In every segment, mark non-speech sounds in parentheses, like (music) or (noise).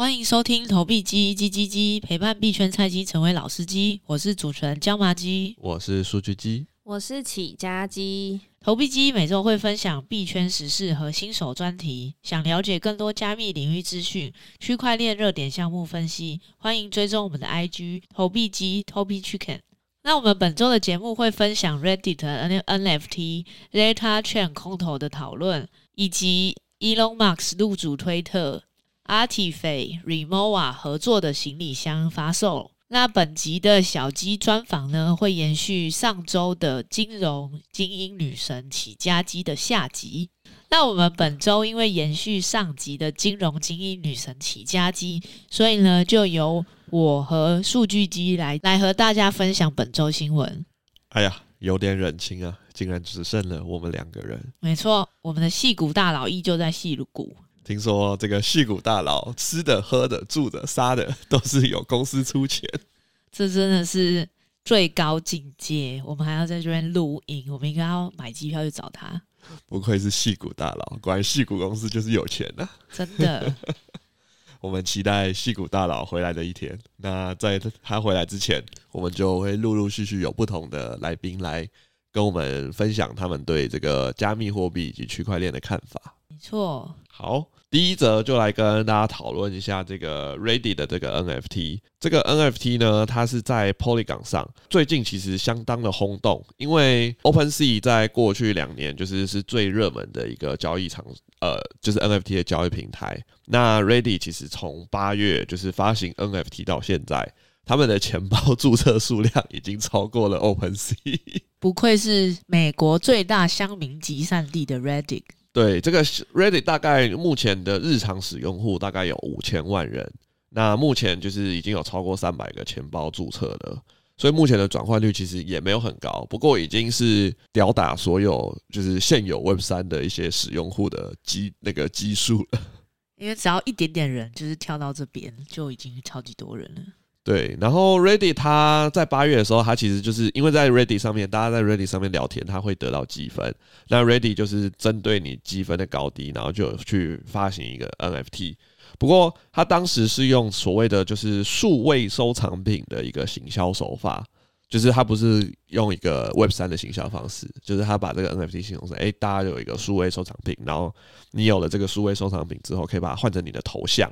歡迎收聽投幣雞雞雞雞，陪伴幣圈菜雞成為老司機。我是主持人椒麻雞，我是數據雞，我是起家雞。投幣雞每週會分享幣圈時事和新手專題。想了解更多加密領域資訊、區塊鏈熱點項目分析，歡迎追蹤我們的 IG 投幣雞 Tobi Chicken。那我們本週的節目會分享 Reddit NFT、Zeta Chain 空投的討論，以及 Elon Musk 入主推特，RTFKT、Rimowa 合作的行李箱發售。那本集的小雞專訪呢，會延續上周的金融精英女神起家雞的下集。那我們本周因為延續上集的金融精英女神起家雞，所以呢，就由我和數據雞來來和大家分享本周新聞。哎呀，有點冷清啊，竟然只剩了我們兩個人。沒錯，我們的戲骨大佬依舊在戲骨。聽說這個矽谷大老吃的、喝的、住的、殺的都是有公司出錢，這真的是最高境界。我們還要在這邊錄音，我們應該要買機票去找他。不愧是矽谷大老，果然矽谷公司就是有錢啊！真的。 (laughs) 我們期待矽谷大老回來的一天。那在他回來之前，我們就會陸陸續續有不同的來賓來跟我們分享他們對這個加密貨幣以及區塊鏈的看法。錯，好，第一則就來跟大家討論一下這個 Reddit 的這個 NFT。這個 NFT 呢，它是在 Polygon 上，最近其實相當的轟動，因為 OpenSea 在過去兩年就是是最熱門的一個交易場，呃，就是 NFT 的交易平台。那 Reddit 其實從八月就是發行 NFT 到現在，他們的錢包註冊數量已經超過了 OpenSea。不愧是美國最大鄉民集散地的 Reddit。對，這個 Reddit 大概目前的日常使用戶大概有五千萬人，那目前就是已經有超過三百個錢包注冊了，所以目前的轉換率其實也沒有很高，不過已經是吊打所有就是現有 Web 三的一些使用戶的基那個基數了，因為只要一點點人就是跳到這邊，就已經超級多人了。對，然後 Reddit 它在八月的時候，它其實就是因為在 Reddit 上面，大家在 Reddit 上面聊天，它會得到積分。那 Reddit 就是針對你積分的高低，然後就去發行一個 NFT。不過他當時是用所謂的就是數位收藏品的一個行銷手法，就是他不是用一個 Web 三的行銷方式，就是他把這個 NFT 形容成，誒，大家有一個數位收藏品，然後你有了這個數位收藏品之後，可以把它換成你的頭像。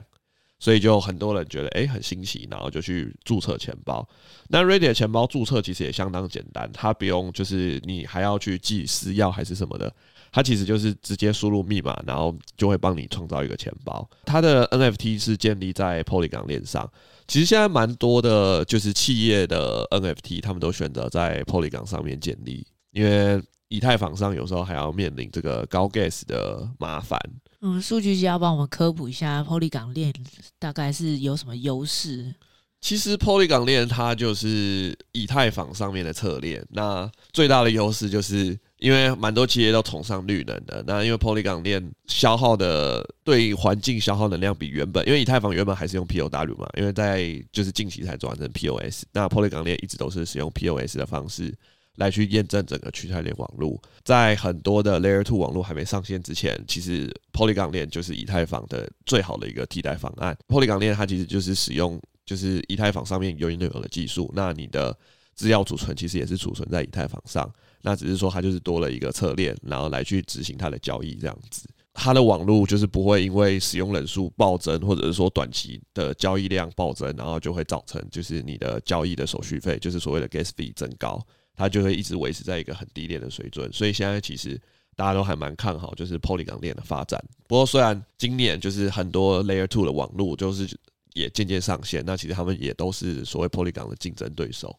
所以就很多人覺得誒、欸，很新奇，然後就去註冊錢包。那 Reddit 的錢包註冊其實也相當簡單，它不用就是你還要去記私鑰還是什麼的，它其實就是直接輸入密碼，然後就會幫你創造一個錢包。它的 NFT 是建立在 Polygon 鏈上，其實現在蠻多的就是企業的 NFT 他們都選擇在 Polygon 上面建立，因為，以太坊上有時候還要面臨這個高 gas 的麻煩。嗯，數據就要幫我們科普一下 Polygon 鏈大概是有什麼優勢？其實 Polygon 鏈它就是以太坊上面的側鏈。那最大的優勢就是因為蠻多企業都崇尚綠能的。那因為 Polygon 鏈消耗的，對環境消耗能量比原本，因為以太坊原本還是用 POW 嘛，因為在就是近期才轉成 POS。那 Polygon 鏈一直都是使用 POS 的方式。來去驗證整個區塊鏈網絡，在很多的 Layer Two 網絡還沒上線之前，其實 Polygon 鏈就是以太坊的最好的一個替代方案。Polygon 鏈它其實就是使用就是以太坊上面有已經有的技術，那你的資料儲存其實也是儲存在以太坊上，那只是說它就是多了一個側鏈，然後來去執行它的交易這樣子。它的網絡就是不會因為使用人數暴增，或者是說短期的交易量暴增，然後就會造成就是你的交易的手續費，就是所謂的 Gas fee 增高。它就會一直維持在一個很低廉的水準，所以現在其實大家都還蠻看好，就是 Polygon 鏈的發展。不過雖然今年就是很多 Layer Two 的網絡就是也漸漸上線，那其實他們也都是所謂 Polygon 的競爭對手，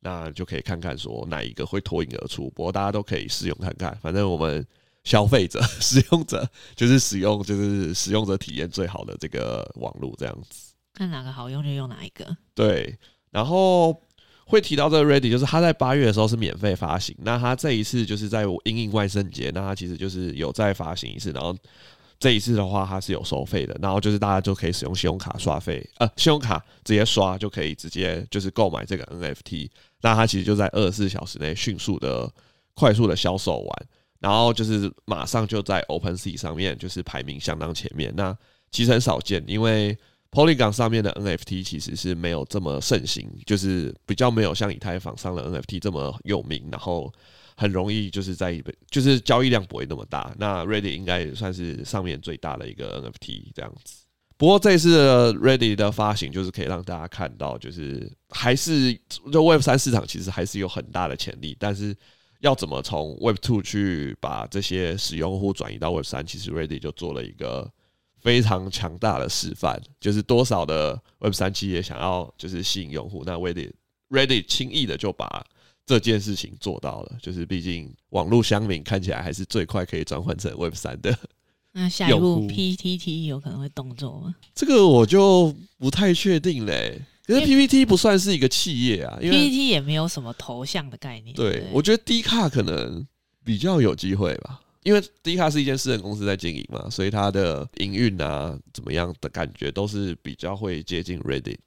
那就可以看看說哪一個會脫穎而出。不過大家都可以試用看看，反正我們消費者、使用者就是使用就是使用者體驗最好的這個網絡這樣子，看哪個好用就用哪一個。對，然後。會提到這個 ready，就是他在八月的時候是免費發行，那他這一次就是在因應萬聖節，那他其實就是有再發行一次，然後這一次的話他是有收費的，然後就是大家就可以使用信用卡刷費，呃，信用卡直接刷就可以直接就是購買這個 NFT，那它其實就在二十四小時內迅速的、快速的銷售完，然後就是馬上就在 OpenSea 上面就是排名相當前面，那其實很少見，因為。Polygon 上面的 NFT 其實是沒有這麼盛行，就是比較沒有像以太坊上的 NFT 這麼有名，然後很容易就是在就是交易量不會那麼大。那 Reddit 應該也算是上面最大的一個 NFT 這樣子。不過這次 Reddit 的發行就是可以讓大家看到，就是還是就 Web 三市場其實還是有很大的潛力，但是要怎麼從 Web Two 去把這些使用戶轉移到 Web 三，其實 Reddit 就做了一個。非常強大的示範，就是多少的 Web 三企業想要就是吸引用戶，那 Reddit 輕易的就把這件事情做到了。就是畢竟網路鄉民看起來還是最快可以轉換成 Web 三的。那下一步 PTT 有可能會動作嗎？這個我就不太確定嘞、欸。因為 PPT 不算是一個企業啊，因為 PPT 也沒有什麼頭像的概念。對，對我覺得 D 卡可能比較有機會吧。因為 D 卡是一間私人公司在經營嘛，所以它的營運啊，怎麼樣的感覺都是比較會接近 Reddit。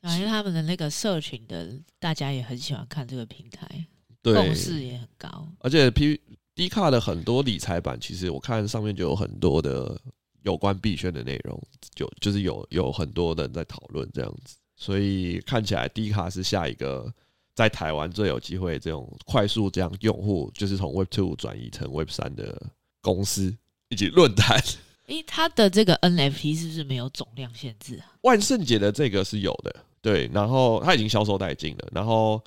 反、啊、正他們的那個社群的，大家也很喜歡看這個平台，對，共識也很高。而且 P D 卡的很多理財版，其實我看上面就有很多的有關幣圈的內容，就就是有有很多人在討論這樣子，所以看起來 D 卡是下一個。在台灣最有機會，這種快速將用戶就是從 Web 2轉移成 Web 3的公司以及論壇。誒，它的這個 NFT 是不是沒有總量限制啊？萬聖節的這個是有的，對。然後它已經銷售殆盡了。然後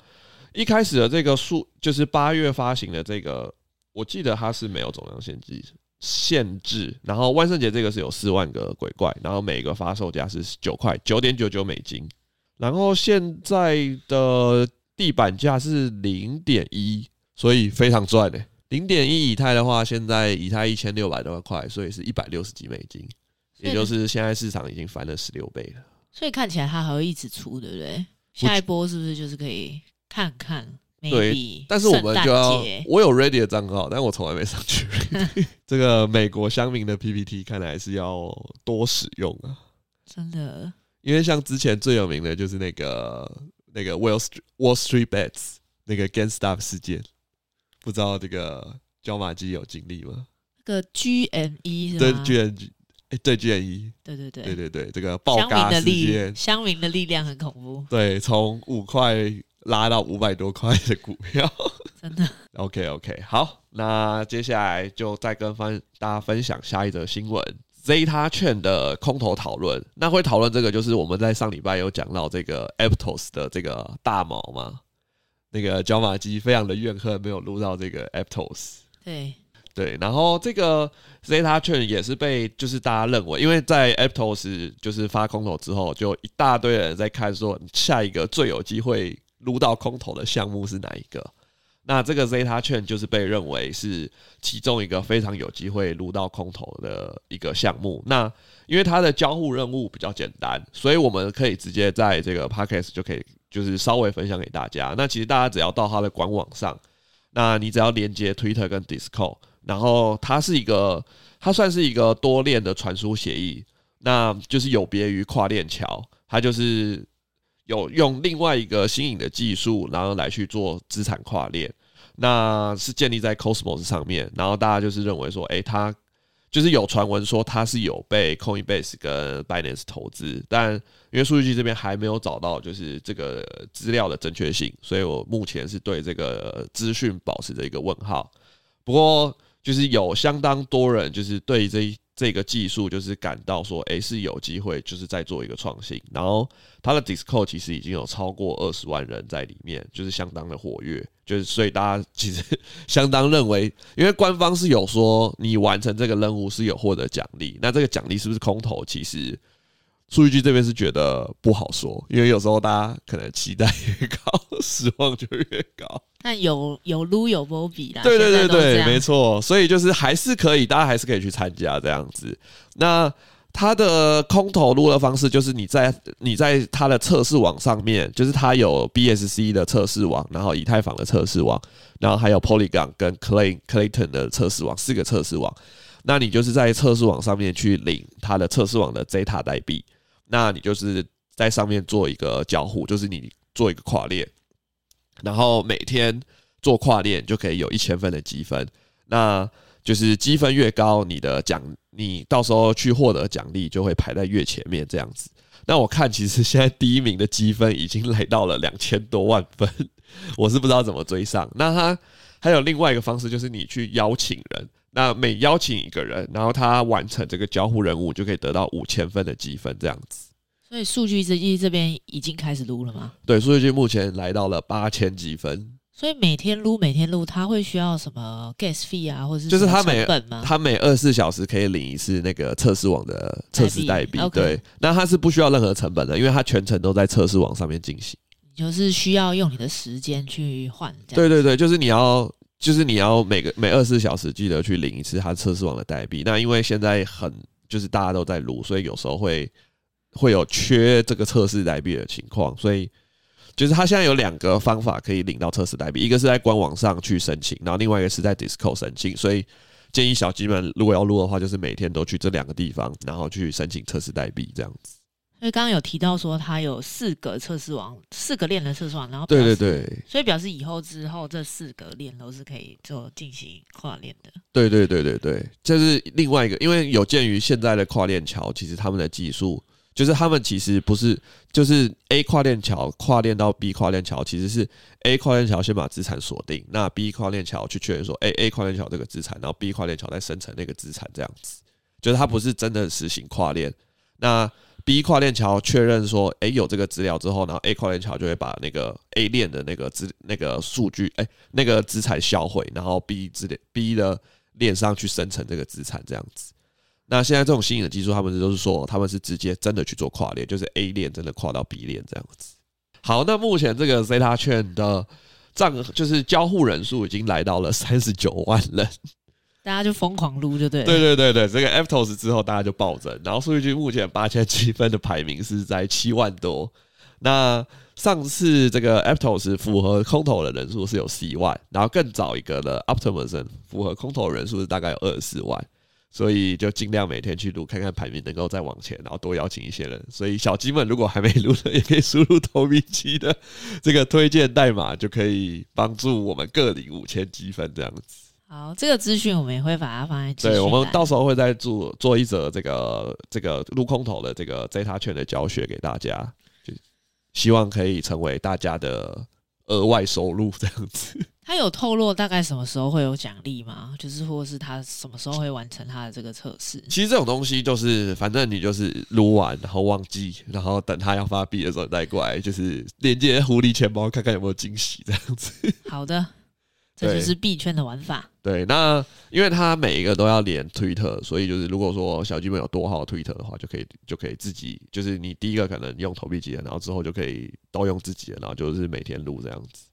一開始的這個數，就是八月發行的這個，我記得它是沒有總量限制限制。然後萬聖節這個是有四萬個鬼怪，然後每個發售價是九塊九點九九美金。然後現在的。地板價是零點一，所以非常賺的、欸。零點一以太的話，現在以太一千六百多塊，所以是一百六十幾美金，也就是現在市場已經翻了十六倍了。所以看起來它還會一直出，對不對不？下一波是不是就是可以看看？對，但是我們就要，我有 Reddit 的賬號，但我從來沒上去。 (laughs) (laughs) 這個美國鄉民的 PPT 看來還是要多使用啊，真的。因為像之前最有名的就是那個。那個 Wall Street Wall Street bets 那個 GameStop 事件，不知道這個椒麻雞有經歷嗎？那個 GME 是嗎？對 GME，、欸、對 GME，對對對對對對，這個爆嘎的時間，鄉民的力量很恐怖。對，從五塊拉到五百多塊的股票， (laughs) 真的。OK OK，好，那接下來就再跟翻大家分享下一則新聞。Zeta Chain 的空投討論，那會討論這個，就是我們在上禮拜有講到這個 Aptos 的這個大毛嘛，那個角馬機非常的怨恨沒有擼到這個 Aptos，對對，然後這個 Zeta Chain 也是被就是大家認為，因為在 Aptos 就是發空投之後，就一大堆人在看說，下一個最有機會擼到空投的項目是哪一個？那這個 Zeta Chain 就是被認為是其中一個非常有機會擼到空投的一個項目。那因為它的交互任務比較簡單，所以我們可以直接在這個 podcast 就可以，就是稍微分享給大家。那其實大家只要到它的官網上，那你只要連接 Twitter 跟 Discord，然後它是一個，它算是一個多鏈的傳輸協議，那就是有別於跨鏈橋，它就是。有用另外一個新穎的技術，然後來去做資產跨鏈，那是建立在 Cosmos 上面。然後大家就是認為說，誒，他就是有傳聞說他是有被 Coinbase 跟 Binance 投資，但因為數據這邊還沒有找到就是這個資料的正確性，所以我目前是對這個資訊保持着一個問號。不過就是有相當多人就是對這一。這個技術就是感到說，誒、欸、是有機會，就是再做一個創新。然後它的 Discord 其實已經有超過二十萬人在裡面，就是相當的活躍。就是所以大家其實相當認為，因為官方是有說，你完成這個任務是有獲得獎勵。那這個獎勵是不是空投？其實。數據這邊是覺得不好說，因為有時候大家可能期待越高，失望就越高。但有有擼有波比啦，對對對對，對，沒錯，所以就是還是可以，大家還是可以去參加這樣子。那它的空投擼的方式就是你在你在它的測試網上面，就是它有 BSC 的測試網，然後以太坊的測試網，然後還有 Polygon 跟 Clay Clayton 的測試網四個測試網。那你就是在測試網上面去領它的測試網的 Zeta 代幣。那你就是在上面做一個交互，就是你做一個跨鏈，然後每天做跨鏈就可以有一千分的積分。那就是積分越高，你的獎，你到時候去獲得獎勵就會排在越前面這樣子。那我看其實現在第一名的積分已經來到了兩千多萬分，我是不知道怎麼追上。那他還有另外一個方式，就是你去邀請人。那每邀請一個人，然後他完成這個交互任務，就可以得到五千分的積分，這樣子。所以 Zeta Chain 這邊已經開始擼了嗎？對，Zeta Chain 目前來到了八千積分。所以每天擼，每天擼，他會需要什麼 gas fee 啊，或者是就是他成本嗎？就是，他每二十四小時可以領一次那個測試網的測試代幣。對，okay，那他是不需要任何成本的，因為他全程都在測試網上面進行。你就是需要用你的時間去換。對對對，就是你要。就是你要每個每二十四小時記得去領一次它測試網的代幣。那因為現在很就是大家都在擼，所以有時候會會有缺這個測試代幣的情況。所以就是它現在有兩個方法可以領到測試代幣，一個是在官網上去申請，然後另外一個是在 Discord 申請。所以建議小雞們如果要擼的話，就是每天都去這兩個地方，然後去申請測試代幣這樣子。因為剛剛有提到說，它有四個測試網，四個鏈的測試網，然後對對對，所以表示以後之後這四個鏈都是可以做進行跨鏈的。對對對對對，這、就是另外一個，因為有鑑於現在的跨鏈橋，其實他們的技術就是他們其實不是就是 A 跨鏈橋跨鏈到 B 跨鏈橋，其實是 A 跨鏈橋先把資產鎖定，那 B 跨鏈橋去確認說 A、欸、A 跨鏈橋這個資產，然後 B 跨鏈橋再生成那個資產，這樣子就是它不是真的實行跨鏈那。B 跨鏈橋確認說，誒、欸，有這個資料之後，然後 A 跨鏈橋就會把那個 A 鏈的那個資那個數據，誒，那個資、欸那個資產銷毀，然後 B 資鏈 B 的鏈上去生成這個資產，這樣子。那現在這種新穎的技術，他們都是說他們是直接真的去做跨鏈，就是 A 鏈真的跨到 B 鏈這樣子。好，那目前這個 Zeta 圈的賬就是交互人數已經來到了三十九萬人。大家就瘋狂擼，就對。對對對對，這個 Aptos 之後大家就暴增，然後數據目前八千積分的排名是在七萬多。那上次這個 Aptos 符合空投的人數是有十一萬，然後更早一個的 Optimism 符合空投人數是大概有二十四萬，所以就儘量每天去擼看看排名能夠再往前，然後多邀請一些人。所以小雞們如果還沒擼的，也可以輸入投幣雞的這個推薦代碼，就可以幫助我們各領五千積分這樣子。好，這個資訊我們也會把它放在資訊欄。對，我們到時候會再做做一則這個這個擼空投的這個 Zeta Chain 的教學給大家，就希望可以成為大家的額外收入這樣子。他有透露大概什麼時候會有獎勵嗎？就是或者是他什麼時候會完成他的這個測試？其實這種東西就是，反正你就是擼完，然後忘記，然後等他要發幣的時候你再過來，就是連接狐狸錢包看看有沒有驚喜這樣子。好的。這就是幣圈的玩法。對，那因為他每一個都要連推特，所以就是如果說小雞們有多號推特的話，就可以就可以自己，就是你第一個可能用投幣機的，然後之後就可以都用自己的，然後就是每天錄這樣子。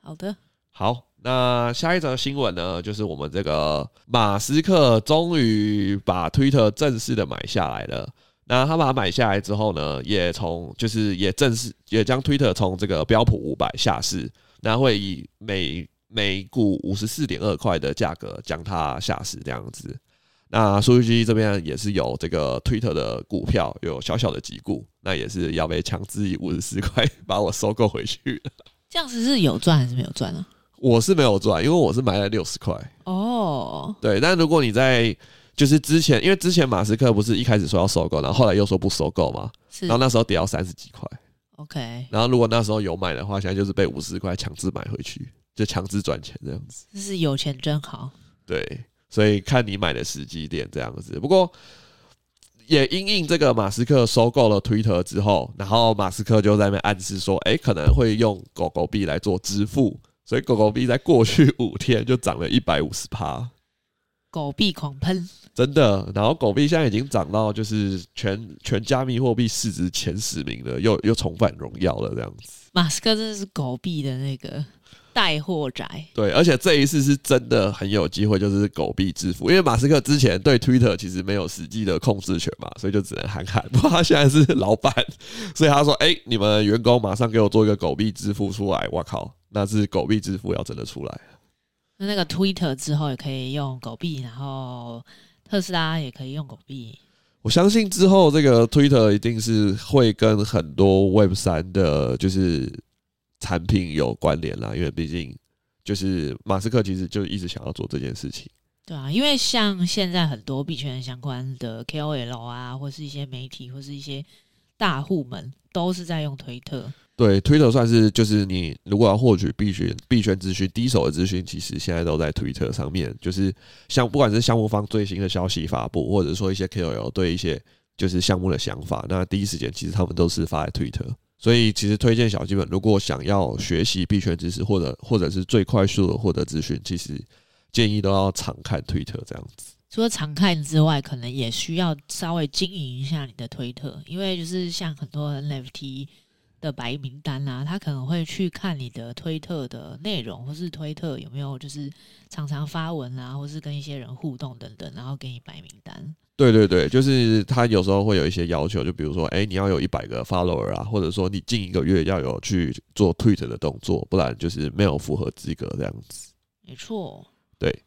好的，好，那下一則新聞呢，就是我們這個馬斯克終於把推特正式的買下來了。那他把它買下來之後呢，也從就是也正式也將推特從這個標普五百下市，然後會以每每股五十四點二塊的價格將它下市，這樣子。那數據這邊也是有這個 Twitter 的股票，有小小的幾股，那也是要被強制以五十四塊把我收購回去了。這樣子是有賺還是沒有賺呢、啊？我是沒有賺，因為我是買了六十塊。哦、oh.，對。但如果你在就是之前，因為之前馬斯克不是一開始說要收購，然後後來又說不收購嘛是，然後那時候跌到三十幾塊。OK。然後如果那時候有買的話，現在就是被五十塊強制買回去。就強制賺錢這樣子，就是有錢真好。對，所以看你買的時機點這樣子。不過也因應這個馬斯克收購了 Twitter 之後，然後馬斯克就在那邊暗示說，哎、欸，可能會用狗狗幣來做支付。所以狗狗幣在過去五天就漲了一百五十趴，狗幣狂噴，真的。然後狗幣現在已經漲到就是全全加密貨幣市值前十名了，又又重返榮耀了這樣子。馬斯克真的是狗幣的那個。帶貨宅對，而且這一次是真的很有機會，就是狗幣支付，因為馬斯克之前對 Twitter 其實沒有實際的控制權嘛，所以就只能喊喊。不過他現在是老板，所以他說：“哎、欸，你們員工馬上給我做一個狗幣支付出來！”我靠，那是狗幣支付要真的出來。那那個 Twitter 之後也可以用狗幣，然後特斯拉也可以用狗幣。我相信之後這個 Twitter 一定是會跟很多 Web 三的，就是。產品有關聯啦，因為畢竟就是馬斯克其實就一直想要做這件事情。對啊，因為像現在很多幣圈相關的 K O L 啊，或是一些媒體，或是一些大戶們，都是在用推特。對，推特算是就是你如果要獲取幣圈幣圈資訊第一手的資訊，其實現在都在推特上面。就是像不管是項目方最新的消息發布，或者說一些 K O L 對一些就是項目的想法，那第一時間其實他們都是發在推特。所以，其實推薦小基本，如果想要學習幣圈知識，或者或者是最快速的獲得資訊，其實建議都要常看推特這樣子。除了常看之外，可能也需要稍微經營一下你的推特，因為就是像很多 NFT。的白名單啊，他可能會去看你的推特的內容，或是推特有沒有就是常常發文啊，或是跟一些人互動等等，然後給你白名單。對對對，就是他有時候會有一些要求，就比如說，哎、欸，你要有一百個 follower 啊，或者說你近一個月要有去做 Twitter 的動作，不然就是沒有符合資格這樣子。沒錯。對，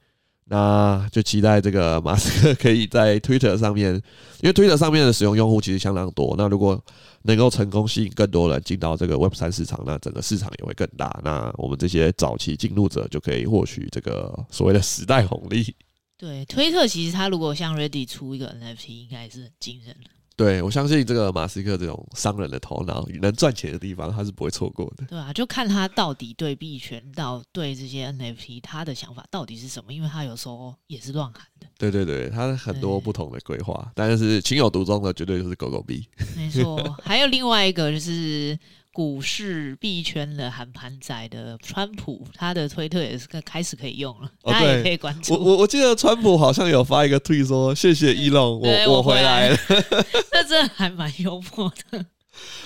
那就期待這個馬斯克可以在 Twitter 上面，因為 Twitter 上面的使用用戶其實相當多，那如果。能夠成功吸引更多人進到這個 Web 3市場，那整個市場也會更大。那我們這些早期進入者就可以獲取這個所謂的時代紅利。對，推特其實他如果像 Reddit 出一個 NFT，應該也是很驚人的。對，我相信這個馬斯克這種商人的頭腦，能賺錢的地方他是不會錯過的。對啊，就看他到底對幣圈、到對這些 NFT，他的想法到底是什麼？因為他有時候也是亂喊的。對對對，他很多不同的規劃，但是情有獨鍾的絕對就是狗狗幣。沒錯，還有另外一個就是。股市幣圈的韓盤仔的川普，他的推特也是開始可以用了，哦、他也可以關注。我我我記得川普好像有發一個推說：“謝謝伊隆， (laughs) 我我回來了。 (laughs) ”那真的還蠻幽默的。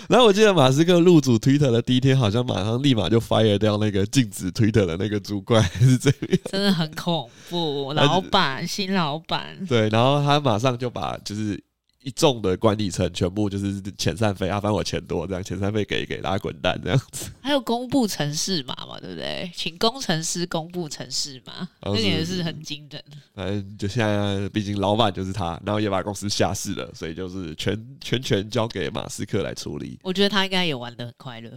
然後我記得馬斯克入主推特的第一天，好像馬上立馬就 fire 掉那個禁止推特的那個主管，是這真的很恐怖。老闆，新老闆，對，然後他馬上就把就是。一眾的管理層全部就是遣散費，阿、啊、反正我錢多，這樣遣散費給給大家滾蛋這樣子。還有公布程式碼嘛，對不對？請工程師公布程式碼嘛，這、哦、也是,是很驚人。反、嗯、正就現在，畢竟老板就是他，然後也把公司下市了，所以就是全全權交給馬斯克來處理。我覺得他應該也玩得很快樂。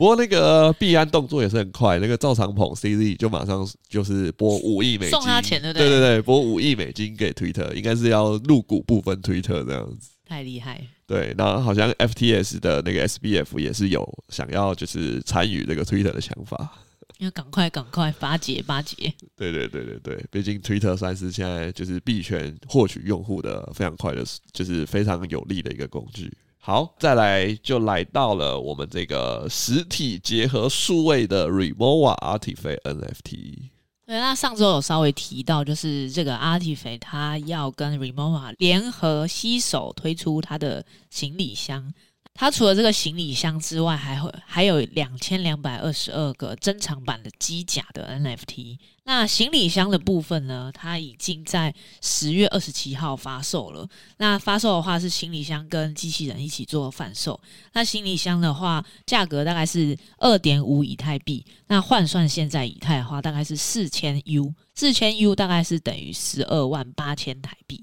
不過那個幣安動作也是很快，嗯、那個趙長鵬 CZ 就馬上就是撥五億美金，送他錢對不對？對對對，撥五億美金給 Twitter，應該是要入股部分 Twitter 這樣子。太厲害！對，然後好像 FTS 的那個 SBF 也是有想要就是參與這個 Twitter 的想法。要趕快趕快巴結巴結。對對對對對，畢竟 Twitter 算是現在就是幣圈獲取用戶的非常快的，就是非常有利的一個工具。好，再來就來到了我們這個實體結合數位的 Rimowa RTFKT NFT。對，那上周有稍微提到，就是這個 RTFKT 他要跟 Rimowa 聯合攜手推出他的行李箱。它除了這個行李箱之外，還會還有兩千兩百二十二個珍藏版的機甲的 NFT。那行李箱的部分呢？它已經在十月二十七號發售了。那發售的話是行李箱跟機器人一起做販售。那行李箱的話，價格大概是二點五以太幣。那換算現在以太的話，大概是四千 U，四千 U 大概是等於十二萬八千台幣。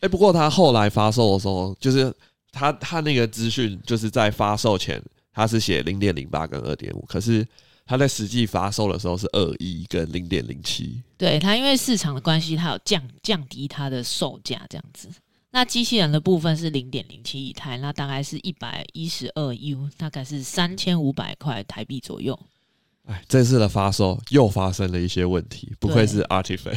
哎、欸，不過它後來發售的時候，就是。他他那個資訊就是在發售前，他是寫零點零八、跟二點五，可是他在實際發售的時候是二一跟零點零七。對，他因為市場的關係，他有降降低他的售價這樣子。那機器人的部分是零點零七以太，那大概是一百一十二 U，大概是三千五百塊台幣左右。哎，這次的發售又發生了一些問題，不愧是 RTFKT。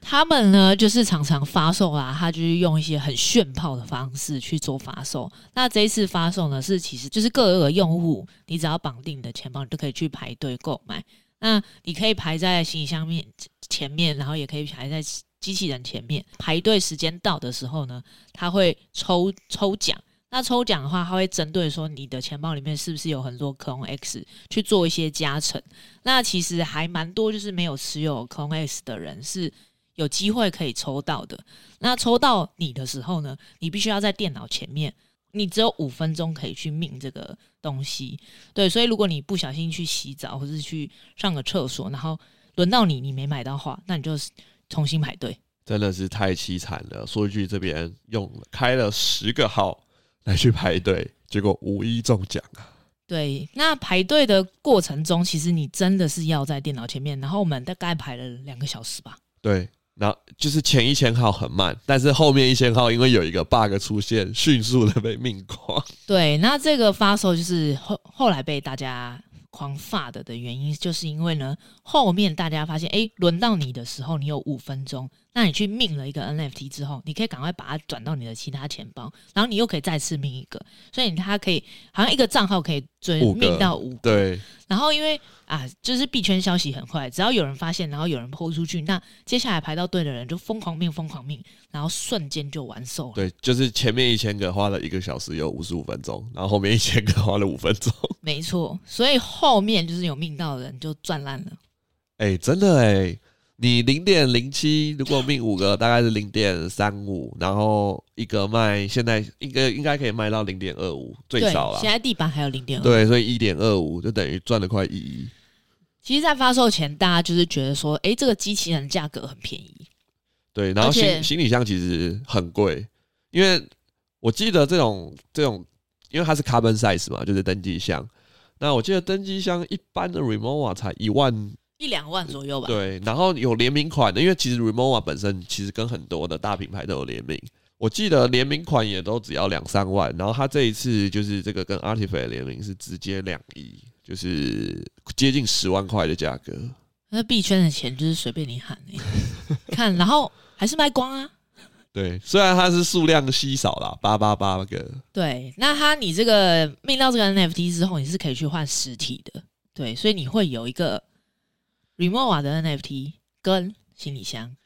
他們呢，就是常常發售啊，他就是用一些很炫炮的方式去做發售。那這一次發售呢，是其實就是各個用戶，你只要綁定你的錢包，你都可以去排隊購買。那你可以排在行李箱面前面，然後也可以排在機器人前面。排隊時間到的時候呢，他會抽抽獎。那抽獎的話，它會針對說你的錢包裡面是不是有很多 Clone X 去做一些加成。那其實還蠻多，就是沒有持有 Clone X 的人是有機會可以抽到的。那抽到你的時候呢，你必須要在電腦前面，你只有五分鐘可以去命這個東西。對，所以如果你不小心去洗澡或是去上個廁所，然後輪到你，你沒買到的話，那你就重新排隊。真的是太淒慘了。說一句，這邊用了開了十個號。來去排隊，結果無一中獎啊！對，那排隊的過程中，其實你真的是要在電腦前面。然後我們大概排了兩個小時吧。對，然後就是前一千號很慢，但是後面一千號因為有一個 bug 出現，迅速的被命光。對，那這個發售就是後後來被大家狂發的的原因，就是因為呢，後面大家發現，誒、欸，輪到你的時候，你有五分鐘。那你去命了一個 NFT 之後，你可以趕快把它轉到你的其他錢包，然後你又可以再次命一個，所以它可以好像一個賬號可以追命到五對。然後因為啊，就是幣圈消息很快，只要有人發現，然後有人潑出去，那接下來排到隊的人就瘋狂命，瘋狂命，然後瞬間就完售了。對，就是前面一千個花了一個小時有五十五分鐘，然後後面一千個花了五分鐘。沒錯，所以後面就是有命到的人就賺爛了。誒、欸，真的誒、欸。你零點零七，如果命五個，大概是零點三五，然後一個賣現在應該應該可以賣到零點二五最少了。現在地板還有零點二五，對，所以一點二五就等於賺了快一億。其實，在發售前，大家就是覺得說，哎、欸，這個機器人價格很便宜，對。然後行行李箱其實很貴，因為我記得這種這種，因為它是 carbon size 嘛，就是登機箱。那我記得登機箱一般的 Rimowa 才一萬。一兩萬左右吧。對，然後有聯名款的，因為其實 Rimowa 本身其實跟很多的大品牌都有聯名。我記得聯名款也都只要兩三萬，然後他這一次就是這個跟 RTFKT 聯名是直接兩億，就是接近十萬塊的價格。那幣圈的錢就是隨便你喊、欸， (laughs) 看，然後還是賣光啊。對，雖然它是數量稀少啦，八八八個。對，那它你這個命到這個 NFT 之後，你是可以去換實體的，對，所以你會有一個。Rimowa 的 NFT 跟行李箱，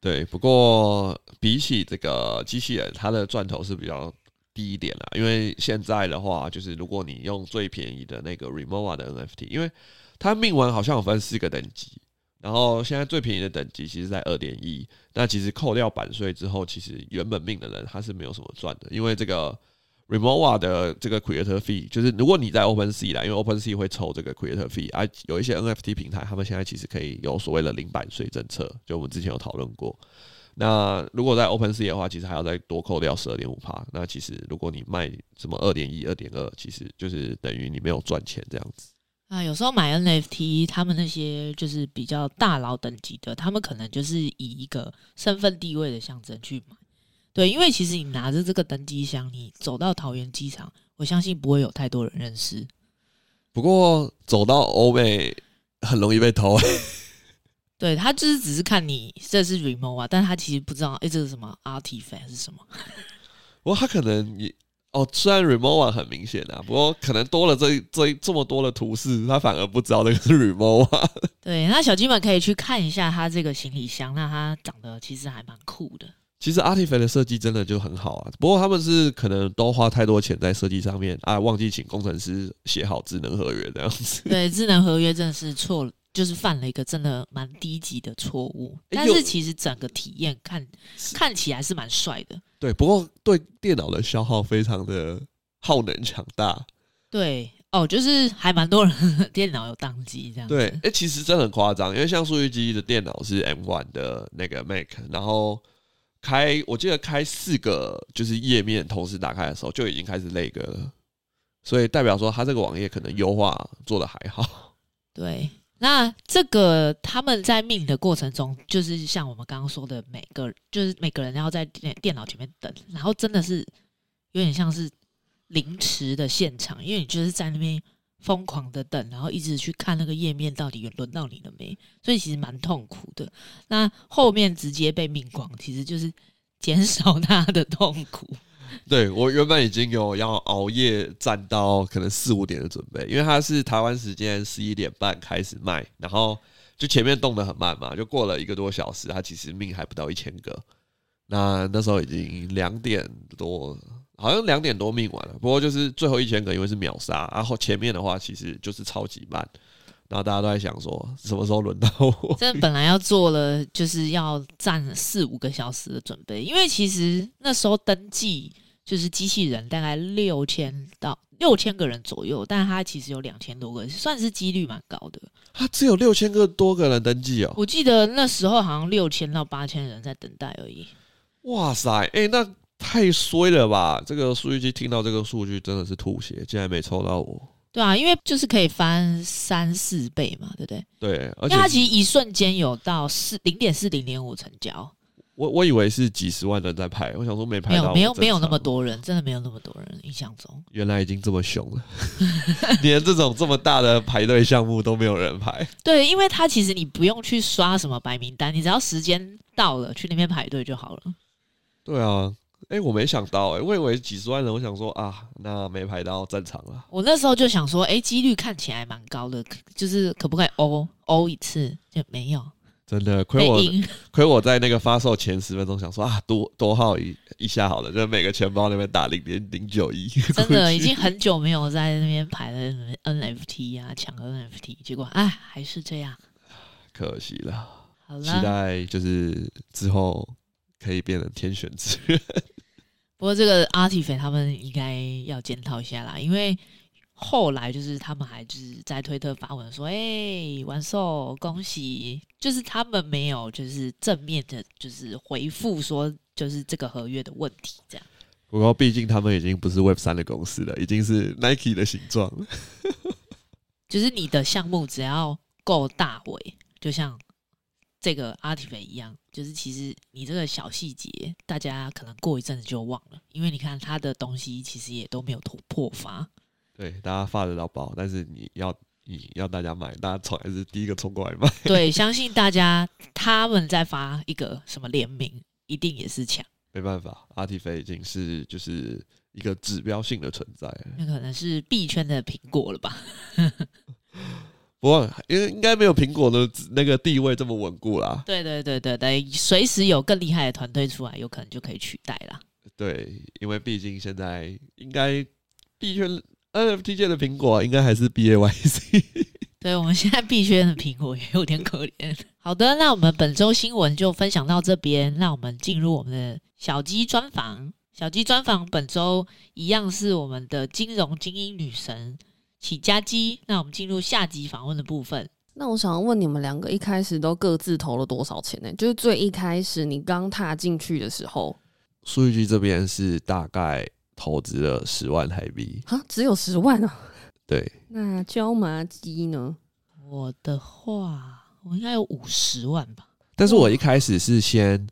對，不過比起這個機器人，它的賺頭是比較低一點啦，因為現在的話，就是如果你用最便宜的那個 Rimowa 的 NFT，因為它命文好像有分四個等級，然後現在最便宜的等級其實在二點一，那其實扣掉版稅之後，其實原本命的人他是沒有什麼賺的，因為這個。Rimowa 的這個 creator fee，就是如果你在 Open Sea 啦，因為 Open Sea 會抽這個 creator fee，而、啊、有一些 NFT 平台，他們現在其實可以有所謂的零版稅政策。就我們之前有討論過，那如果在 Open Sea 的話，其實還要再多扣掉十二點五帕。那其實如果你賣什麼二點一、二點二，其實就是等於你沒有賺錢這樣子。啊，有時候買 NFT，他們那些就是比較大佬等級的，他們可能就是以一個身份地位的象徵去買。對，因為其實你拿着這個登機箱，你走到桃園機場，我相信不會有太多人認識。不過走到歐美很容易被偷。 (laughs) 對。對，他就是只是看你這是 Rimowa 啊，但他其實不知道哎、欸，這是什麼 RTFKT 是什麼？不過他可能也哦，雖然 Rimowa 啊，很明顯啊，不過可能多了這一這一這麼多的圖示，他反而不知道那個是 Rimowa 啊。對，那小雞們可以去看一下他這個行李箱，那它長得其實還蠻酷的。其實 RTFKT 的設計真的就很好啊，不過他們是可能都花太多錢在設計上面啊，忘記請工程師寫好智能合約這樣子。對，智能合約真的是錯了，就是犯了一個真的蠻低級的錯誤。但是其實整個體驗看、欸、看,看起來是蠻帥的。對，不過對電腦的消耗非常的耗能強大。對，哦，就是還蠻多人電腦有宕機這樣子。對，欸、其實真的很誇張，因為像素育機的電腦是 M one 的那個 Mac，然後。開，我記得開四個就是頁面同時打開的時候就已經開始 lag 了，所以代表說他這個網頁可能優化做得還好。對，那這個他們在命的過程中，就是像我們剛剛說的，每個就是每個人要在電腦前面等，然後真的是有點像是凌遲的現場，因為你就是在那邊。瘋狂的等，然後一直去看那個頁面到底有輪到你了沒，所以其實蠻痛苦的。那後面直接被命光，其實就是減少他的痛苦。對，我原本已經有要熬夜站到可能四五點的準備，因為他是台灣時間十一點半開始賣，然後就前面動得很慢嘛，就過了一個多小時，他其實命還不到一千個。那那時候已經兩點多。好像兩點多命完了，不過就是最後一千個，因為是秒殺，然、啊、後前面的話其實就是超級慢，然後大家都在想說什麼時候輪到我，嗯。真 (laughs) 的本來要做了，就是要站四五個小時的準備，因為其實那時候登記就是機器人大概六千到六千個人左右，但他其實有兩千多個人，算是幾率蠻高的。它，啊、只有六千個多個人登記哦？我記得那時候好像六千到八千人在等待而已。哇塞，哎、欸、那太衰了吧！這個數據機，聽到這個數據真的是吐血，竟然，沒抽到我。對啊，因為就是可以翻三四倍嘛，對不對？對，而且因為它其實一瞬間有到四零點四、零點五成交。我我以為是幾十萬人在排，我想說沒排到，沒有沒有沒有那麼多人，真的沒有那麼多人。印象中原來已經這麼凶了， (laughs) (laughs) 連這種這麼大的排隊項目都沒有人排。 (laughs) 對，因為它其實你不用去刷什麼白名單，你只要時間到了去那邊排隊就好了。對啊。哎、欸，我沒想到、欸，哎，我以為幾十萬人，我想說啊，那沒排到戰場了。我那時候就想說，哎、欸，幾率看起來蠻高的，就是可不可以歐歐一次就沒有。真的虧我虧我在那個發售前十分鐘想說啊，多多號一一下好了，就是每個錢包那邊打零點零九一。真的已經很久沒有在那邊排了什麼 NFT 啊，搶個 NFT，結果哎、啊、還是這樣，可惜了。好啦，期待就是之後可以變成天選之人。不過這個 RTFKT 他們應該要檢討一下啦，因為後來就是他們還就是在推特發文說：“哎、欸，完售，恭喜！”就是他們沒有就是正面的，就是回覆說就是這個合約的問題這樣。不過畢竟他們已經不是 Web 三的公司了，已經是 Nike 的形狀。 (laughs) 就是你的項目只要夠大尾，偉就像。這個 RTFKT 一樣，就是其實你這個小細節，大家可能過一陣子就忘了，因為你看他的東西其實也都沒有突破發，對，大家發得到包，但是你要你要大家買，大家從來是第一個衝過來買，對，相信大家他們在發一個什麼聯名，一定也是搶，沒辦法，RTFKT 已經是就是一個指標性的存在，那可能是幣圈的蘋果了吧。 (laughs) 不過，因應該沒有蘋果的那個地位這麼穩固啦。對對對對對，隨時有更厲害的團隊出來，有可能就可以取代啦。對，因為畢竟現在應該幣圈、NFT 界的蘋果應該還是 BAYC。對，我們現在幣圈的蘋果也有點可憐。 (laughs) 好的，那我們本周新聞就分享到這邊，讓我們進入我們的小雞專訪。小雞專訪本周一樣是我們的金融精英女神。起家雞，那我們進入下集訪問的部分。那我想要問你們兩個，一開始都各自投了多少錢呢？就是最一開始你剛踏進去的時候，數據這邊是大概投資了十萬台幣。蛤？只有十萬啊。對，那椒麻雞呢？我的話，我應該有五十萬吧。但是我一開始是先。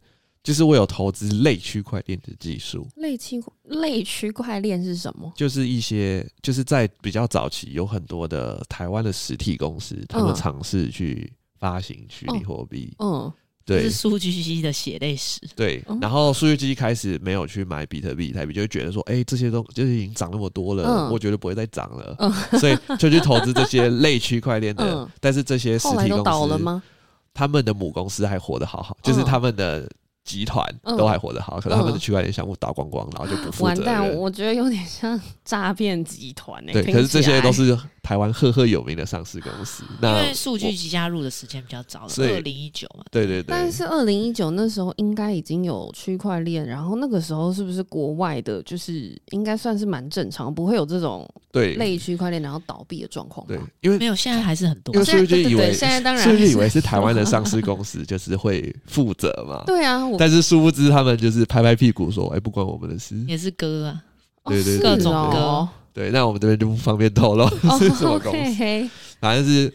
就是我有投資類區塊鏈的技術，類區類區塊鏈是什麼？就是一些就是在比較早期，有很多的台灣的實體公司，嗯、他們嘗試去發行虛擬貨幣。嗯，對，是數據機的血淚史。對，嗯、然後數據機開始沒有去買比特幣、泰幣，就會覺得說，哎、欸，這些都就是已經漲那麼多了、嗯，我覺得不會再漲了、嗯，所以就去投資這些類區塊鏈的、嗯。但是這些實體公司，後來都倒了嗎？他們的母公司還活得好好，嗯、就是他們的。集團都還活得好，嗯，可是他們的區塊鏈項目打光光，嗯，然後就不負責，完蛋。我覺得有點像詐騙集團誒，欸。對，可是這些都是。台灣赫赫有名的上市公司，啊、那因為數據集加入的時間比較早，是二零一九嘛？對對對,對。但是二零一九那時候應該已經有區塊鏈，然後那個時候是不是國外的，就是應該算是蠻正常，不會有這種類區塊鏈然後倒閉的狀況嗎？對，因為沒有，現在還是很多。所以就以為現在當然所以以,以為是台灣的上市公司就是會負責嘛？對啊，但是殊不知他們就是拍拍屁股說，哎、欸，不關我們的事，也是割啊，對對,對,對,對，各種割。對，那我們這邊就不方便透露是、oh, (laughs) 什麼公司，okay. 反正是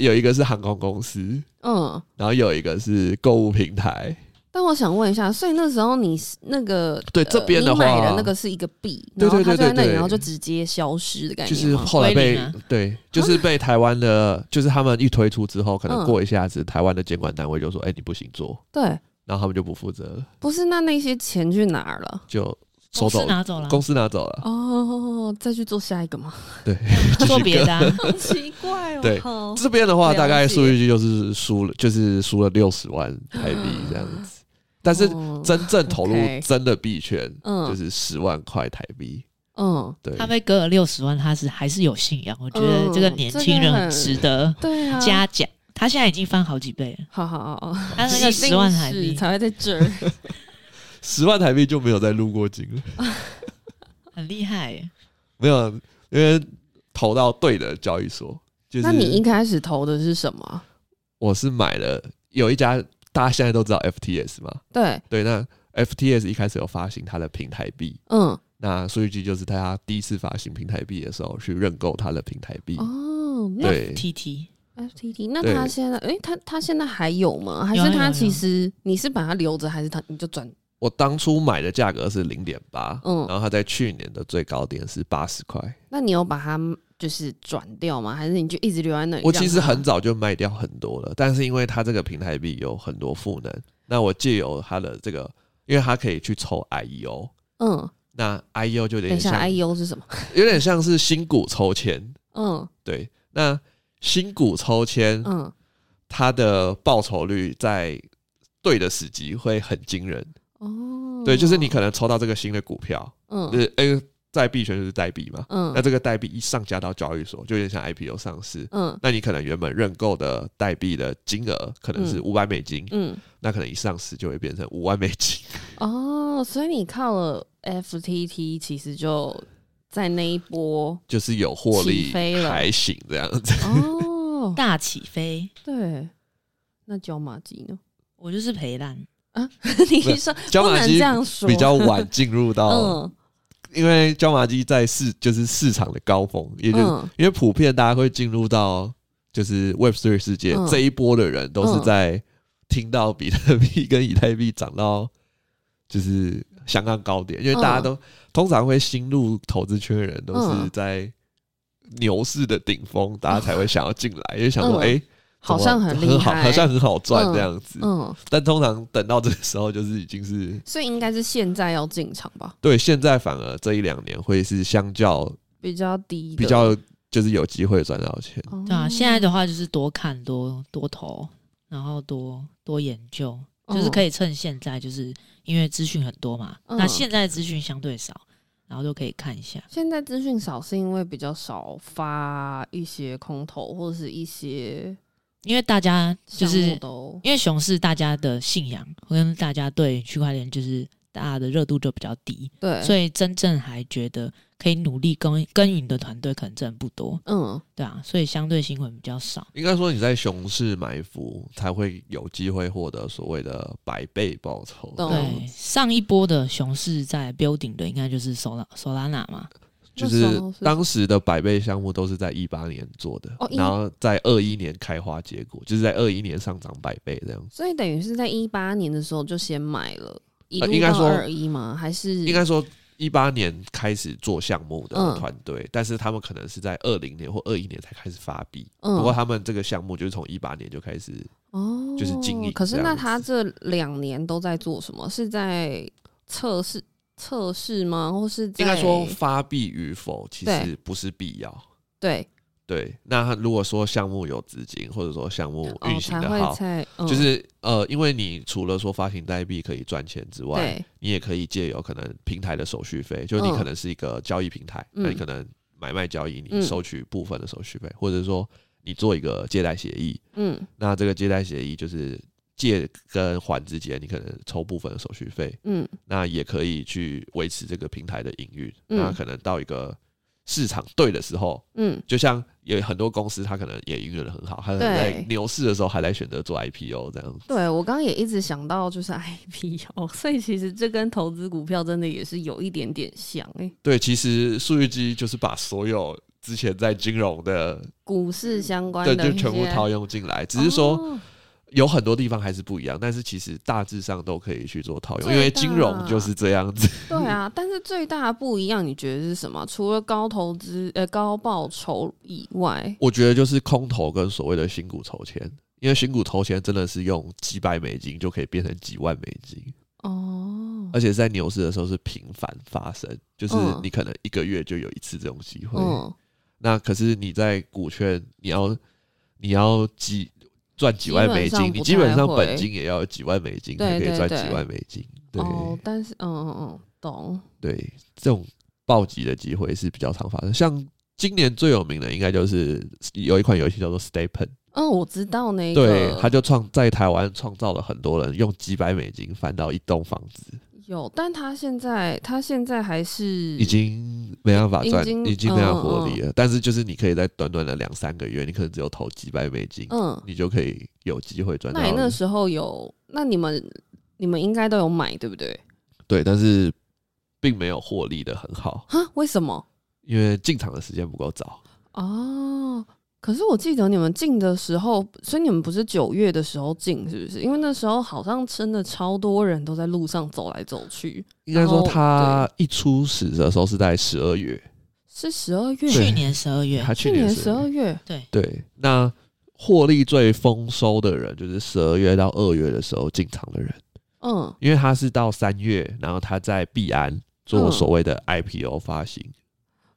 有一個是航空公司，嗯，然後有一個是購物平台。但我想問一下，所以那時候你那個對這邊的話、呃，你買的那個是一個幣，對對對對，那然後就直接消失的感覺，就是後來被、啊、對，就是被台灣的、啊，就是他們一推出之後，可能過一下子，嗯、台灣的監管單位就說，哎、欸，你不行做，對，然後他們就不負責了。不是，那那些錢去哪兒了？就。公司拿走了，公司拿走了。哦，再去做下一個嗎？對，做別的、啊。 (laughs) 好奇怪哦。對，這邊的話大概數據就是輸了，就是輸了六十萬台幣這樣子、啊哦。但是真正投入真的幣圈，嗯，就是十萬塊台幣、哦 okay。嗯，對。他被割了六十萬，他是還是有信仰。我覺得這個年輕人很值得，嘉、嗯、獎、啊。他現在已經翻好幾倍了。好好好，他那個十萬台幣才會在這兒。 (laughs) 十萬台幣就沒有再入過金了 (laughs) ，很厲害耶。沒有，因為投到對的交易所。就是那你一開始投的是什麼？我是買了有一家大家現在都知道 FTS 嘛？對對，那 FTS 一開始有發行它的平台幣。嗯，那數據就是大家第一次發行平台幣的時候去認購它的平台幣。哦，沒 FTT，FTT 那它現在誒，它它、欸、現在還有嗎？還是它其實你是把它留着，還是它你就轉？我當初買的價格是零點八，嗯，然後它在去年的最高點是八十塊。那你有把它就是轉掉嗎？還是你就一直留在那裡？我其實很早就賣掉很多了，但是因為它這個平台幣有很多賦能，那我借由它的這個，因為它可以去抽 IEO，嗯，那 IEO 就有點像你想 IEO 是什麼？ (laughs) 有點像是新股抽籤，嗯，對，那新股抽籤，嗯，它的報酬率在對的時機會很驚人。哦，對，就是你可能抽到這個新的股票，嗯，就是 A 在幣圈就是代幣嘛，嗯，那這個代幣一上架到交易所，就有點像 IPO 上市，嗯，那你可能原本認購的代幣的金額可能是五百美金，嗯，嗯，那可能一上市就會變成五萬美金。哦，所以你靠了 FTT，其實就在那一波就是有獲利還行這樣子，哦， (laughs) 大起飛。對，那椒麻雞呢？我就是賠爛 (laughs) 你說，不能這樣說。椒麻雞比較晚進入到，嗯、因為椒麻雞在市就是市場的高峰，也就、嗯、因為普遍大家會進入到就是 Web Three 世界、嗯、這一波的人，都是在聽到比特幣跟以太幣漲到就是香港高點，因為大家都、嗯、通常會新入投資圈的人都是在牛市的頂峰、嗯，大家才會想要進來，嗯、也想說哎。嗯欸好像很厲害很好，好像很好賺這樣子嗯。嗯，但通常等到這個時候，就是已經是，所以應該是現在要進場吧？對，現在反而這一兩年會是相較比較低，比較就是有機會賺到錢。對啊，現在的話就是多看多多投，然後多多研究，就是可以趁現在，就是因為資訊很多嘛。嗯、那現在資訊相對少，然後就可以看一下。現在資訊少是因為比較少發一些空投，或者是一些。因為大家就是因為熊市，大家的信仰跟大家對區塊鏈，就是大家的熱度就比較低，對，所以真正還覺得可以努力耕耕耘的團隊可能真的不多，嗯，對啊，所以相對新聞比較少。應該說你在熊市埋伏才會有機會獲得所謂的百倍報酬，嗯。對，上一波的熊市在 building 的應該就是 Solana 嘛就是當時的百倍項目都是在一八年做的，然後在二一年開花結果，就是在二一年上漲百倍這樣。所以等於是在一八年的時候就先買了，應該說二一嗎？還是應該說一八年開始做項目的團隊，但是他們可能是在二零年或二一年才開始發幣。不過他們這個項目就是從一八年就開始哦，就是經營、嗯嗯嗯。可是那他這兩年都在做什麼？是在測試？測試嗎？或是應該說發幣與否，其實不是必要。對對，那如果說項目有資金，或者說項目運行的好、哦嗯，就是呃，因為你除了說發行代幣可以賺錢之外，你也可以借由可能平台的手續費，就你可能是一個交易平台，嗯、那你可能買賣交易，你收取部分的手續費、嗯，或者說你做一個借貸協議，嗯，那這個借貸協議就是。借跟還之間，你可能抽部分的手續費。嗯，那也可以去維持這個平台的營運、嗯。那可能到一個市場對的時候，嗯，就像有很多公司，他可能也營運的很好，它、嗯、在牛市的時候還來選擇做 IPO 這樣子。對，我剛剛也一直想到就是 IPO，所以其實這跟投資股票真的也是有一點點像誒、欸。對，其實數據機就是把所有之前在金融的股市相關的，就全部套用進來，只是說。哦有很多地方還是不一樣，但是其實大致上都可以去做套用，啊、因為金融就是這樣子。對啊， (laughs) 但是最大不一樣，你覺得是什麼？除了高投資、呃、欸、高報酬以外，我覺得就是空投跟所謂的新股籌錢，因為新股籌錢真的是用幾百美金就可以變成幾萬美金哦，而且在牛市的時候是頻繁發生，就是你可能一個月就有一次這種機會、哦。那可是你在股權，你要你要幾？賺幾萬美金，你基本上本金也要幾萬美金才可以賺幾萬美金。對，對，對，對、哦，但是嗯嗯嗯，懂。對，這種暴擊的機會是比較常發生的。像今年最有名的，應該就是有一款遊戲叫做《STEPN、哦》。嗯，我知道那一款。對，他就創在台灣創造了很多人用幾百美金翻到一棟房子。有，但他現在，他現在還是已經沒辦法賺，已經沒有獲利了，嗯嗯。但是就是你可以在短短的兩三個月，你可能只有投幾百美金，嗯，你就可以有機會賺到。那你那時候有？那你們你們應該都有買，對不對？對，但是並沒有獲利的很好。哈？為什麼？因為進場的時間不夠早。哦。可是我記得你們進的時候，所以你們不是九月的時候進，是不是？因為那時候好像真的超多人都在路上走來走去。應該說，他一初始的時候是在十二月，是十二月，去年十二月，他去年十二月，去年十二月，對對。那獲利最豐收的人就是十二月到二月的時候進場的人，嗯，因為他是到三月，然後他在幣安做所謂的 IPO 發行。嗯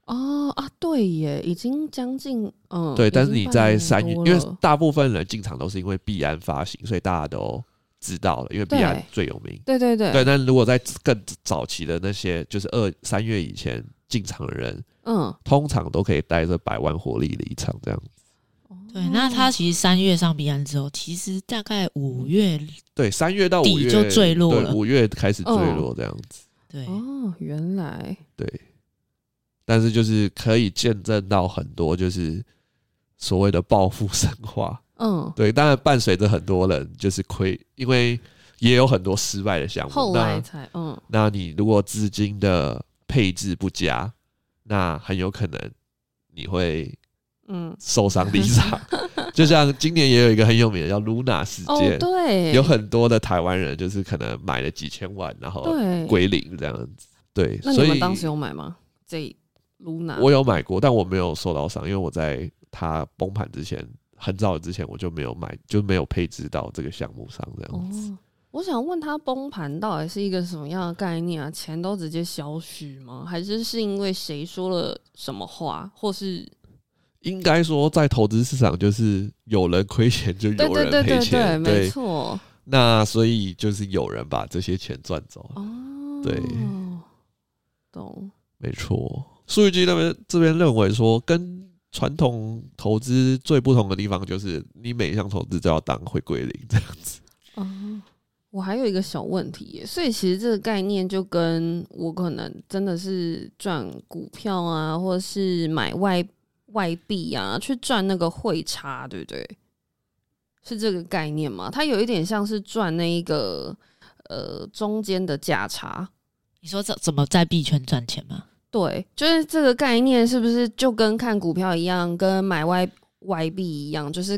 哦啊，對耶，已經將近嗯，對，但是你在三月，因為大部分人進場都是因為幣安發行，所以大家都知道了，因為幣安最有名對，對對對，對。但如果在更早期的那些，就是二三月以前進場的人，嗯，通常都可以帶着百萬火力離場這樣子。對，那他其實三月上幣安之後，其實大概五月、嗯，對，三月到五月就墜落了，五月開始墜落這樣子、嗯對。對，哦，原來對。但是就是可以見證到很多就是所謂的暴富神話，嗯，對，當然伴隨着很多人就是虧，因為也有很多失敗的項目，後來才嗯那，那你如果資金的配置不佳，那很有可能你會受理嗯受傷離場， (laughs) 就像今年也有一個很有名的叫 Luna 事件，哦，對，有很多的台灣人就是可能買了幾千萬，然後歸零這樣子對，對，那你們當時有買嗎？這我有買過，但我沒有受到傷，因為我在它崩盤之前很早之前我就沒有買，就沒有配置到這個項目上。這樣子，哦、我想問它崩盤到底是一個什麼樣的概念啊？錢都直接消失嗎？還是是因為誰說了什麼話，或是應該說，在投資市場就是有人虧錢，就有人賠對對對對對對錢，對對沒錯。那所以就是有人把這些錢賺走。哦，對，懂，沒錯。數據機那邊這邊認為說，跟傳統投資最不同的地方就是，你每一項投資都要當回歸零這樣子。哦、嗯，我還有一個小問題，所以其實這個概念就跟我可能真的是賺股票啊，或者是買外外幣啊，去賺那個匯差，對不對？是這個概念嗎？它有一點像是賺那一個呃中間的價差。你說怎怎麼在幣圈賺錢嗎？對，就是這個概念，是不是就跟看股票一樣，跟買外外幣一樣？就是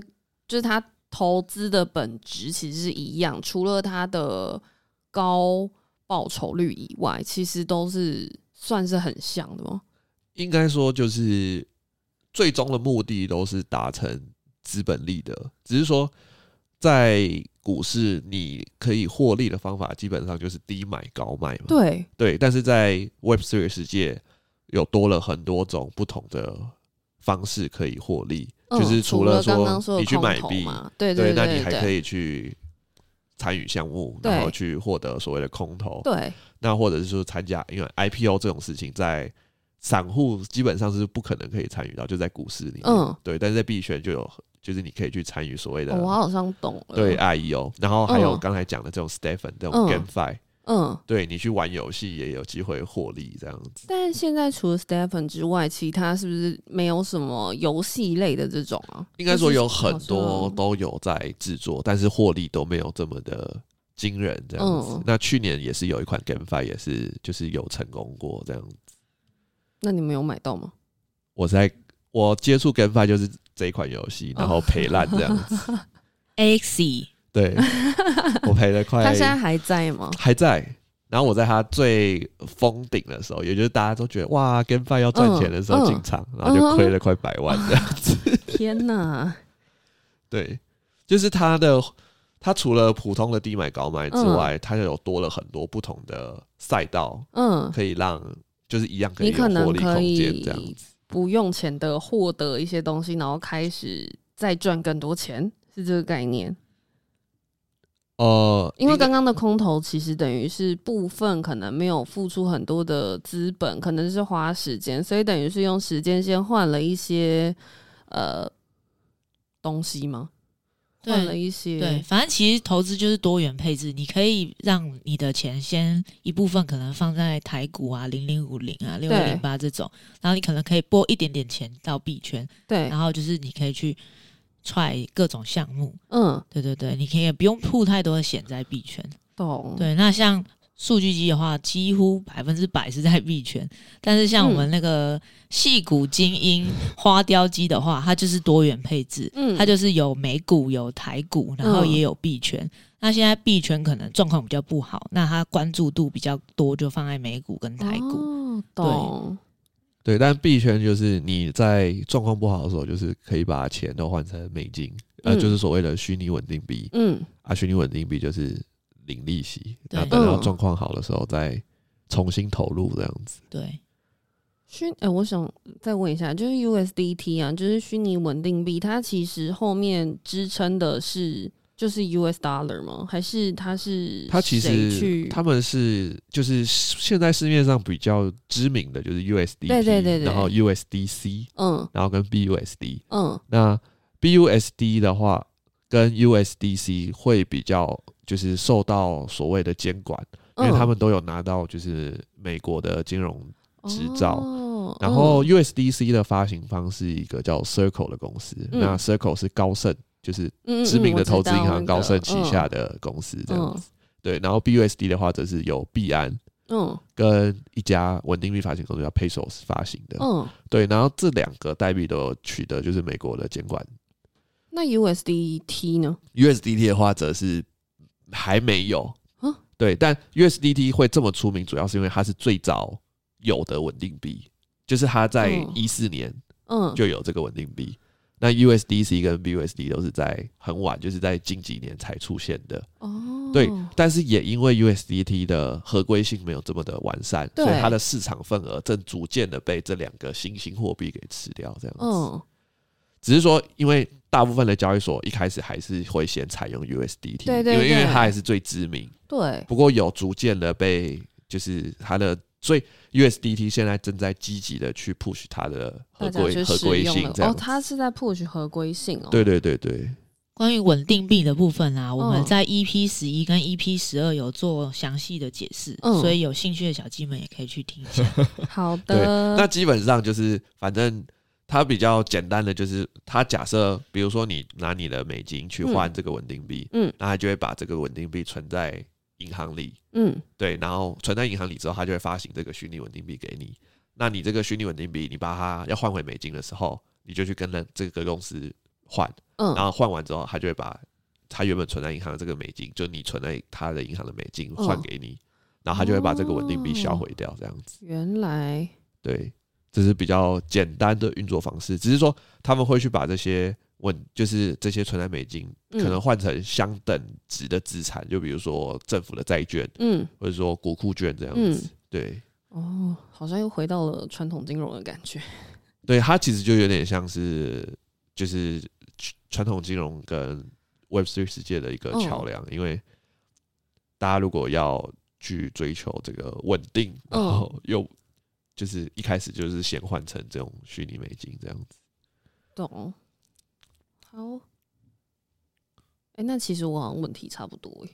就是它投資的本質其實是一樣，除了它的高報酬率以外，其實都是算是很像的嗎？應該說，就是最終的目的都是達成資本利得，只是說。在股市，你可以獲利的方法基本上就是低買高賣嘛，對。對對，但是在 Web3 世界，有多了很多種不同的方式可以獲利、嗯，就是除了說你去買幣、嗯、對對，對，對，對，那你還可以去參與項目，然後去獲得所謂的空投對。對，那或者是說參加，因為 IPO 這種事情在散戶基本上是不可能可以參與到，就在股市裡面，嗯，對，但是在幣圈就有。就是你可以去參與所謂的、哦，我好像懂了。對，IEO，然後還有剛才講的這種 Stephen、嗯、這種 GameFi，嗯，嗯，對，你去玩遊戲也有機會獲利這樣子。但現在除了 Stephen 之外，其他是不是沒有什麼遊戲類的這種啊？應該說有很多都有在制作、就是，但是獲利都沒有這麼的驚人這樣子、嗯。那去年也是有一款 GameFi 也是就是有成功過這樣子。那你們有買到嗎？我在我接觸 GameFi 就是，這一款遊戲，然後賠爛這樣子、oh, (laughs) ，AXE，對我賠了快， (laughs) 他現在還在嗎？還在。然後我在他最封頂的時候，也就是大家都覺得哇 GameFi 要賺錢的時候進場，oh, oh. 然後就虧了快百萬這樣子。Oh, uh -huh. oh, (laughs) 天哪！對，就是他的，他除了普通的低買高賣之外，他、oh. 又有多了很多不同的賽道，嗯、oh.，可以讓就是一樣可以獲利空間這樣子。不用錢的獲得一些東西，然後開始再賺更多錢，是這個概念。呃，因為剛剛的空投其實等於是部分可能沒有付出很多的資本，可能是花時間，所以等於是用時間先換了一些呃東西嗎？換了一些，對，反正其實投資就是多元配置，你可以讓你的錢先一部分可能放在台股啊、零零五零啊、六零八這種，然後你可能可以撥一點點錢到幣圈，對，然後就是你可以去踹各種項目，嗯，對對對，你可以不用鋪太多的錢在幣圈，懂，對，那像。數據機的話，幾乎百分之百是在幣圈，但是像我們那個細股精英花雕雞的話，嗯，它就是多元配置，嗯，它就是有美股、有台股，然後也有幣圈，嗯。那現在幣圈可能狀況比較不好，那它關注度比較多，就放在美股跟台股。哦，懂。對，對但幣圈就是你在狀況不好的時候，就是可以把錢都換成美金，嗯，呃，就是所謂的虛擬穩定幣。嗯，啊，虛擬穩定幣就是。領利息，然後等到狀況好的時候再重新投入這樣子。對，虛、嗯、哎、欸，我想再問一下，就是 USDT 啊，就是虛擬穩定幣，它其實後面支撐的是就是 US Dollar 嗎？還是它是它其實去他們是就是現在市面上比較知名的就是 USDT，對對對對，然後 USDC，嗯，然後跟 BUSD，嗯，那 BUSD 的話跟 USDC 會比較。就是受到所謂的監管、哦，因為他們都有拿到就是美國的金融執照、哦。然後 USDC 的發行方是一個叫 Circle 的公司、嗯，那 Circle 是高盛，就是知名的投資銀行高盛旗下的公司這樣子。嗯那個哦、對。然後 BUSD 的話則是有幣安、哦，跟一家穩定幣發行公司叫 Pesos 發行的、嗯。對，然後這兩個代幣都取得就是美國的監管。那 USDT 呢？USDT 的話，則是。還沒有，對，但 USDT 會這麼出名，主要是因為它是最早有的穩定幣，就是它在一四年，嗯，就有這個穩定幣。那 USDC 跟 BUSD 都是在很晚，就是在近幾年才出現的。哦，對，但是也因為 USDT 的合規性沒有這麼的完善，所以它的市場份額正逐漸的被這兩個新型貨幣給吃掉，這樣子。只是說，因為大部分的交易所一開始還是會先採用 USDT，對對對，因為因為它還是最知名。對對對，不過有逐漸的被就是它的，所以 USDT 現在正在積極的去 push 它的合規合規性。哦，它是在 push 合規性哦。對對對對。關於穩定幣的部分啊，我們在 EP 十一跟 EP 十二有做詳細的解釋。嗯，所以有興趣的小雞們也可以去聽一下。 (laughs) 好的。那基本上就是，反正。它比較簡單的就是，它假設，比如說你拿你的美金去換這個穩定幣，嗯，嗯，那它就會把這個穩定幣存在銀行裡，嗯，對，然後存在銀行裡之後，它就會發行這個虛擬穩定幣給你。那你這個虛擬穩定幣，你把它要換回美金的時候，你就去跟了這個公司換，嗯，然後換完之後，它就會把它原本存在銀行的這個美金，就你存在它的銀行的美金換給你，哦，然後它就會把這個穩定幣銷毀掉，這樣子，哦。原來，對。這是比較簡單的運作方式，只是說他們會去把這些穩，就是這些存在美金，可能換成相等值的資產，嗯，就比如說政府的債券，嗯，或者說國庫券這樣子，嗯，對。哦，好像又回到了傳統金融的感覺。對，它其實就有點像是就是傳統金融跟 Web3 世界的一個橋樑，哦，因為大家如果要去追求這個穩定，然後又，哦。就是一開始就是先換成這種虛擬美金這樣子，懂？好。哎、欸，那其實我好像問題差不多欸。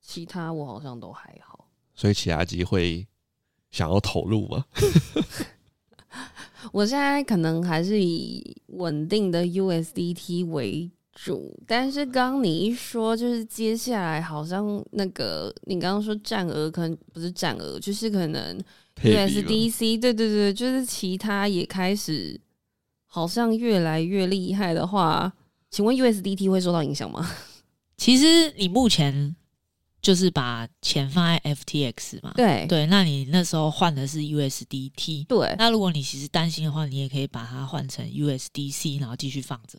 其他我好像都還好。所以其他機會想要投入嗎？ (laughs) (laughs) 我現在可能還是以穩定的 USDT 為主，但是剛你一說，就是接下來好像那個你剛剛說占額可能不是占額，就是可能 USDC，對對對，就是其他也開始好像越來越厲害的話，請問 USDT 會受到影響嗎？其實你目前就是把錢放在 FTX 嘛，對對，那你那時候換的是 USDT，對，那如果你其實擔心的話，你也可以把它換成 USDC，然後繼續放着。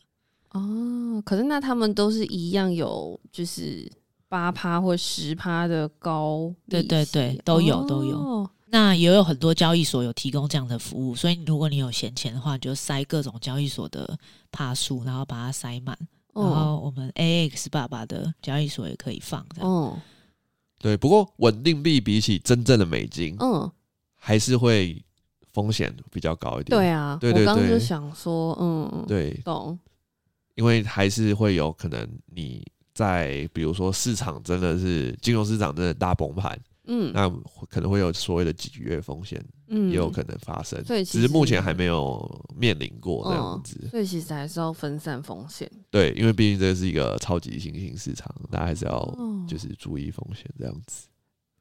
哦，可是那他們都是一樣有，就是八趴或十趴的高，對對對，都有、哦、都有。那也有很多交易所有提供這樣的服務，所以如果你有閒錢的話，你就塞各種交易所的趴數，然後把它塞滿、嗯。然後我們 A X 爸爸的交易所也可以放這樣。哦、嗯，對，不過穩定幣比起真正的美金，嗯，還是會風險比較高一點。對啊，對對對，我剛剛就想說，嗯，對，懂。因為還是會有可能你在比如說市場真的是金融市場真的大崩盤，嗯，那可能會有所謂的擠兌風險，嗯，也有可能發生。嗯、所以其實只是目前還沒有面臨過這樣子、哦。所以其實還是要分散風險。對，因為畢竟這是一個超級新興市場，大家還是要就是注意風險這樣子。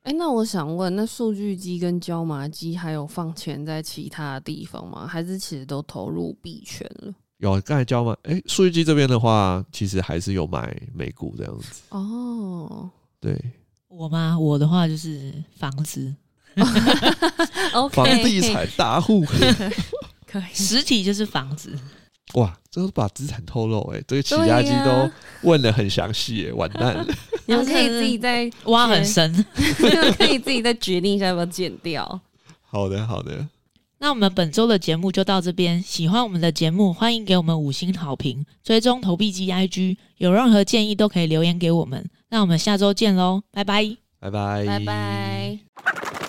哎、哦欸，那我想問，那數據機跟椒麻雞還有放錢在其他地方嗎？還是其實都投入幣圈了？有剛才交嘛，哎、欸，數據機這邊的話，其實還是有買美股這樣子。哦、oh.，對，我嗎？我的話就是房子， (laughs) okay. 房地產大戶， (laughs) 可以實體就是房子。哇，這都把資產透露哎、欸，這個起家雞都問得很詳細哎，完蛋了、啊。你們可以自己再、欸、挖很深，欸、 (laughs) 可以自己再決定一下要不要剪掉。好的，好的。那我們本周的節目就到這邊。喜歡我們的節目，歡迎給我們五星好評，追蹤投幣雞 IG。有任何建議都可以留言給我們。那我們下周見嘍，拜拜，拜拜，拜拜。拜拜。